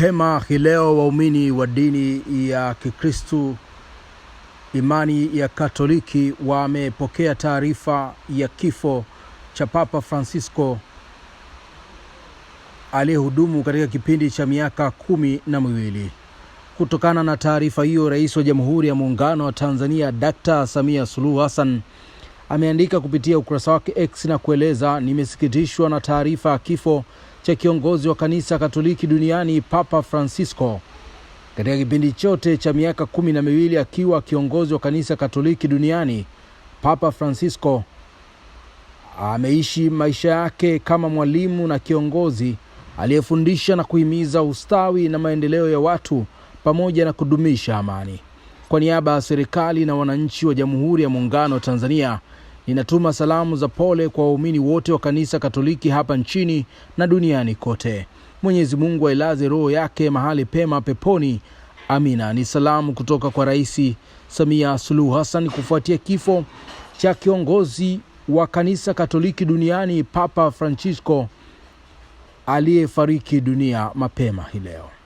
Mapema hii leo waumini wa dini ya Kikristu imani ya Katoliki wamepokea taarifa ya kifo cha Papa Francisco aliyehudumu katika kipindi cha miaka kumi na miwili. Kutokana na taarifa hiyo, Rais wa Jamhuri ya Muungano wa Tanzania Dkt. Samia Suluhu Hassan ameandika kupitia ukurasa wake X na kueleza, nimesikitishwa na taarifa ya kifo cha kiongozi wa kanisa Katoliki duniani Papa Francisco. Katika kipindi chote cha miaka kumi na miwili akiwa kiongozi wa kanisa Katoliki duniani, Papa Francisco ameishi maisha yake kama mwalimu na kiongozi aliyefundisha na kuhimiza ustawi na maendeleo ya watu pamoja na kudumisha amani. Kwa niaba ya serikali na wananchi wa Jamhuri ya Muungano wa Tanzania, ninatuma salamu za pole kwa waumini wote wa kanisa Katoliki hapa nchini na duniani kote. Mwenyezi Mungu ailaze roho yake mahali pema peponi. Amina. Ni salamu kutoka kwa Rais Samia Suluhu Hassan kufuatia kifo cha kiongozi wa kanisa Katoliki duniani Papa Francisco aliyefariki dunia mapema hii leo.